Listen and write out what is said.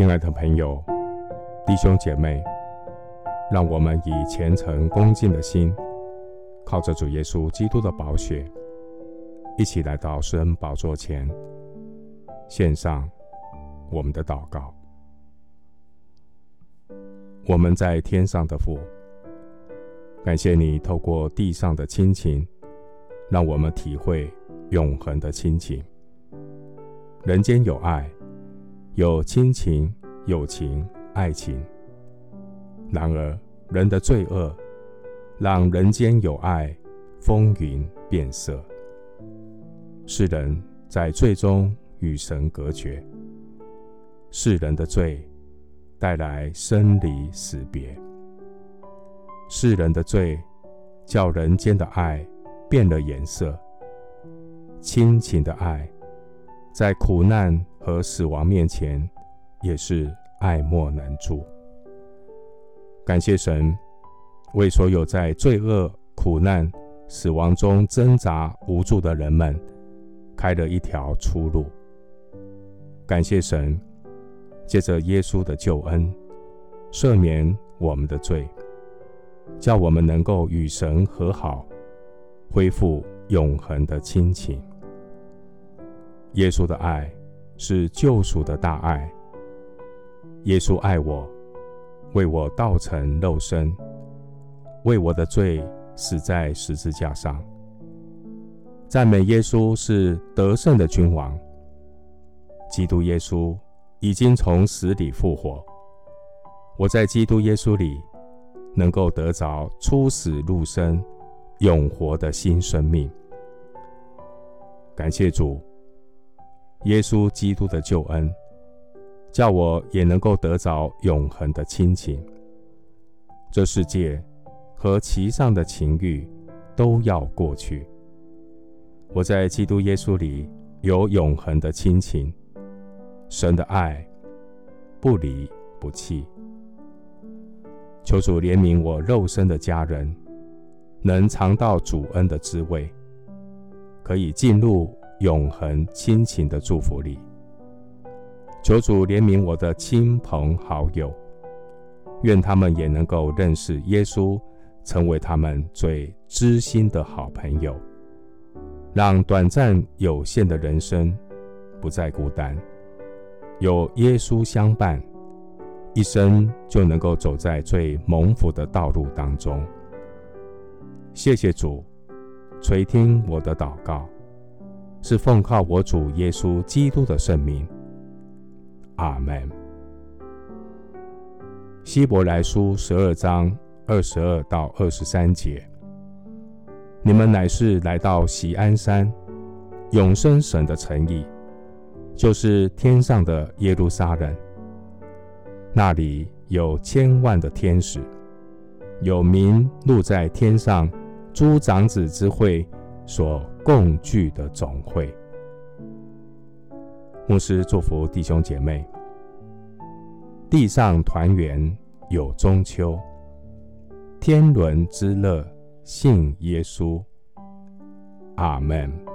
親愛的朋友、弟兄姐妹，讓我們以虔誠恭敬的心，靠着主耶穌基督的寶血，一起來到施恩寶座前，獻上我們的禱告。我們在天上的父，感謝你透過地上的親情，讓我們體會永恆的親情。人間有愛。有親情、友情、愛情。然而，人的罪惡，讓人間有愛風雲變色。世人在罪中與神隔絕。世人的罪帶來生離死別。世人的罪叫人間的愛變了顏色。親情的愛在苦難和死亡面前，也是愛莫能助。感謝神，為所有在罪惡、苦難、死亡中掙扎無助的人們，開了一條出路。感謝神，借着耶穌的救恩，赦免我們的罪，叫我們能夠與神和好，恢復永恆的親情。耶穌的愛。是救贖的大愛。耶穌愛我，為我道成肉身，為我的罪死在十字架上。讚美耶穌是得勝的君王。基督耶穌已經從死裡復活，我在基督耶穌裡能夠得着出死入生、永活的新生命。感謝主。耶穌基督的救恩，叫我也能夠得着永恆的親情。這世界和其上的情欲都要過去。我在基督耶穌裡有永恆的親情，神的愛不離不棄。求主憐憫我肉身的家人，能嘗到主恩的滋味，可以進入。永恆親情的祝福裡，求主憐憫我的親朋好友，願他們也能夠認識耶穌，成為他們最知心的好朋友，讓短暫有限的人生不再孤單，有耶穌相伴，一生就能夠走在最蒙福的道路當中。謝謝主，垂聽我的禱告。是奉靠我主耶穌基督的聖名，阿門。希伯來書十二章二十二到二十三節，你們乃是來到錫安山，永生神的城邑，就是天上的耶路撒冷，那裡有千萬的天使，有名錄在天上諸長子之會。所共聚的總會，牧師祝福弟兄姐妹。地上團圓有中秋，天倫之樂信耶穌。阿們。